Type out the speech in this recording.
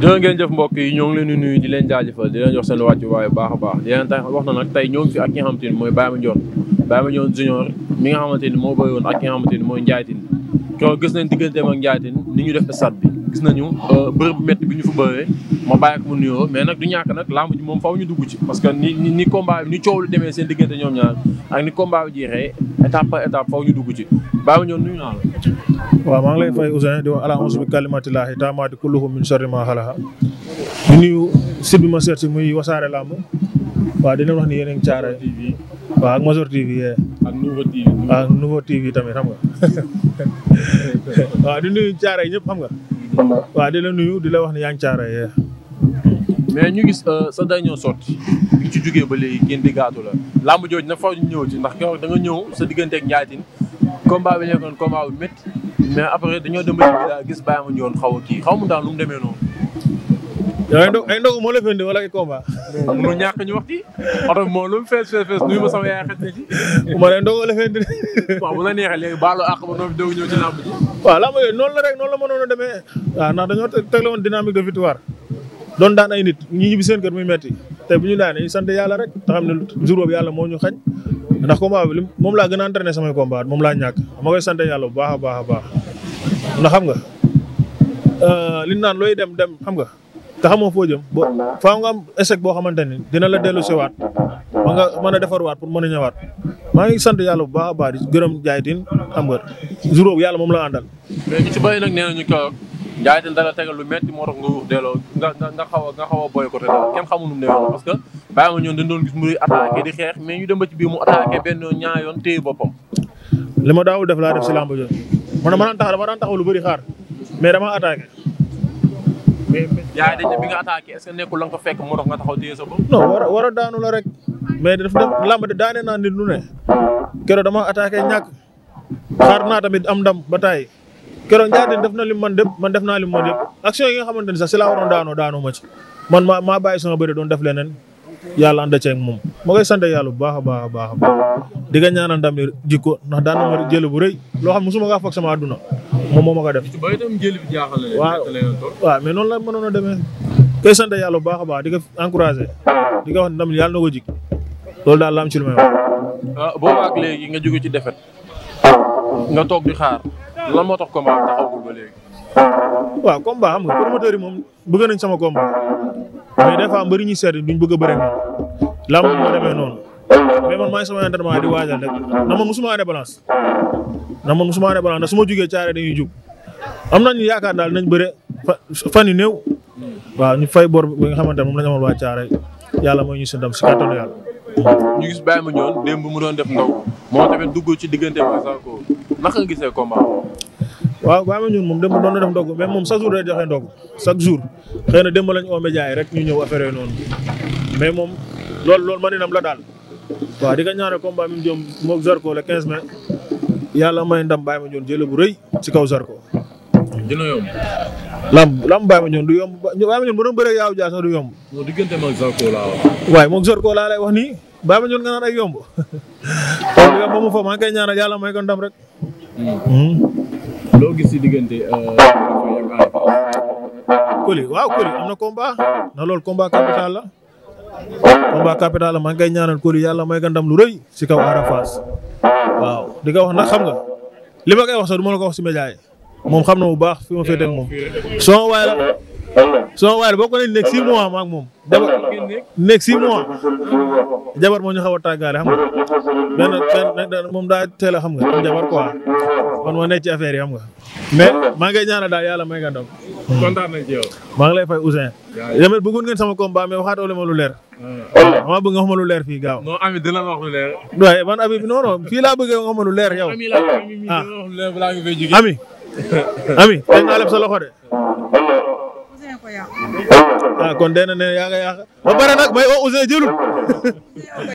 jërë ngeen jëf mbokk yi ñoo ngi leen di nuyu di leen jaajëfal di leen jox seen wàccu waaye baax a baax di leen tax wax na nag tey ñoo ngi fi ak nga xamante mooy Baye Mandione Baye Mandione junior mi nga xamante ni moo bëri woon ak nga xamante mooy Ndiaye Tine kon gis nañ digganteem ak Ndiaye Tine ni ñu def stade bi gis nañu euh, bërëb bu bi ñu fa bëree ma bàyyi ak mu nuyoo mais nag du ñàkk nag làmb ji moom faw ñu dugg ci parce que ni ni combat bi ni coow lu demee seen diggante ñoom ñaar étape par étape faw ñu dugg ci bàyyi ñoon nuyu naa la maa ngi lay fay Ousseyn di wax ala ons bi taamaati kulluhu min sharri ma xalaxa di nuyu site bi ma seet si muy wasaare làmb waaw di leen wax ni yéen a ngi caare waaw ak Major TV yee eh. ak Nouveau TV tamit xam nga waaw di xam nga waaw la nuyu di la wax ni yaa ngi caare mais ñu gis euh, sa dañoo sotti bi ci jugee ba léegi ngeen di gaatu la làmb jooju na faw ñu ñëw ci ndax keroog da ñëw sa digganteek Ndiaye Tine combat bi nekkoon combat bu métti dañoo dem ba ci gis bàyyi ma ñëwoon xaw a kii xaw ma daal lu mu demee noonu. ay ndog ay ndog moo la fi indi wala ay combat. am na ñàkk ñu wax ci oto bi moom lu mu fees fees fees nuyu ma sama yaay xet na ci. ma ne ndog la fi la neexee léegi ñëw ci làmb ji. waaw làmb noonu la rek noonu la mënoon a demee. waaw ndax dañoo tegle woon dynamique de victoire. doon daan ay nit ñi ñibbi seen kër muy metti te bu ñu daanee sant yàlla rek te xam ne jour yàlla moo ñu xañ ndax combat bi moom laa gën a entraîné samay combat moom laa ñàkk ma koy sant yàlla bu baax a baax a ndax xam nga euh, li naan looy dem dem xam nga te xamoo foo jëm ba faaw nga am échec boo xamante ni dina la dellu si waat ba nga mën a defarwaat pour mën a ñëwaat maa ngi sant yàlla bu baax baax di gërëm jaaytin xam nga jour boobu yàlla la àndal. nee nañu ko Ndiaye dañ dala tegal lu metti moo tax nga wax delloo nga nga a xaw a boycotté daal kenn xamul nu mu demee parce que bàyyi ma ñoon dañ doon gis muy attaqué di xeex mais ñu dem ba ci biir mu attaqué benn ñaar yoon téye li ma daawul def laa si làmb jooju man ma daan taxaw dama daan taxaw lu bëri xaar mais dama attaqué. mais Ndiaye dañ ne bi nga attaqué est nekkul la nga ko fekk moo tax nga taxaw téye sa bopp. non war a war daanu la rek mais daf def làmb de daane naa nit lu ne keroog dama attaqué ñàkk xaar naa tamit am ndam ba taay keroog ah. Ndiaye def na li man def man def naa li man yëpp ah. action yi nga xamante ni sax si laa waroon daanoo daanoo ma ci man maa maa bàyyi sama bëri doon def leneen yàlla ànd ceeg moom ma koy sant yàlla baax a baax a baax a baax di nga ñaanal ndam li jikko ndax daan na ma jël bu rëy loo xam ne musuma kaa foog sama àdduna moom moo ma ko def. waaw waaw mais noonu la mënoon a demee koy sant yàlla bu baax a baax di ko encouragé di nga wax ndam li yàlla na ko jik loolu daal la am ci lu may wax. Ah, boobaag léegi nga jóge ci defet nga toog di lan moo tax combat taxawul ba léegi. waaw combat xam nga promoteur yi moom bëgg nañ sama combat mais des fois mbëri ñuy seet duñ bëgg a bëri ak làmb moo demee noonu mais man maa ngi sama entraînement di waajal rek na man musuma ane balance na man musuma ane balance su ma jugee caare dañuy jug am nañu yaakaar daal nañ bëre fan yu néew waaw ñu fay bor bi nga xamante ne moom na ñu amal waa caare yàlla mooy ñu si ndam si kattanu yàlla. ñu gis bàyyi ma ñoon naka nga gisee combat waaw Baye Mandione moom démb doon na def ndogu mais moom chaque jour day joxe ndogu chaque jour xëy dem démb lañ oo rek ñu ñëw affaire yooyu noonu mais moom loolu loolu maninam la daal waaw di ko ñaanal combat mi mu jëm moog Zarko le 15 mai yàlla may ndam Baye Mandione jële bu rëy ci kaw Zarko. dina yomb. Lamb Lamb Baye Mandione du yomb Baye Mandione bu doon bëree yaaw jaa sax du yomb. laa wax. ni baa Zarko laa lay wax nii nga naan ay yomb nga ba mu fa maa ngi koy ñaanal yàlla may ko rek. Hmm. loo si diggante. Euh, Coly waaw Coly am na combat na loolu combat capital la. combat capital la maa ngi koy ñaanal Coly yàlla may ko lu rëy si kaw Ada Fass waaw di nga wax nag xam nga li ma koy wax sax du ma la wax si média moom xam na bu baax fi ma féetee moom soo waaye la. sama waay boo ko nee nekk six mois maak moom. jabar nekk six mois. jabar moo ñu xaw a tàggaale xam nga benn benn moom daa teel a xam nga am jabar quoi kon moo nekk ci affaire yam xam nga. mais maa ngi ñaanal daal yàlla may nga ndam. Hmm. maa ngi lay fay Ousseyn. yéen bëggoon ngeen sama combat mais waxaatoo leen ma lu leer. Hmm. maa bëgg nga xam lu leer fii gaaw. non Ami dina la wax lu leer. waaye man laa bëgg nga xam lu leer yaw Ami laa Ami. Ami nga leb sa loxo ah kon dee na ne yaa nga yàq ba pare nag may oo Ouzin jëlul